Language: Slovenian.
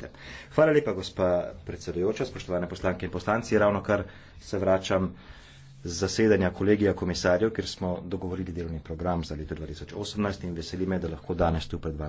izvolite. Hvala lepa, gospa predsedujoča, spoštovane poslanke in poslanci. Ravno kar se vračam z zasedanja kolegija komisarjev, ker smo dogovorili delovni program za leto 2018 in veseli me, da lahko danes tu pred vami.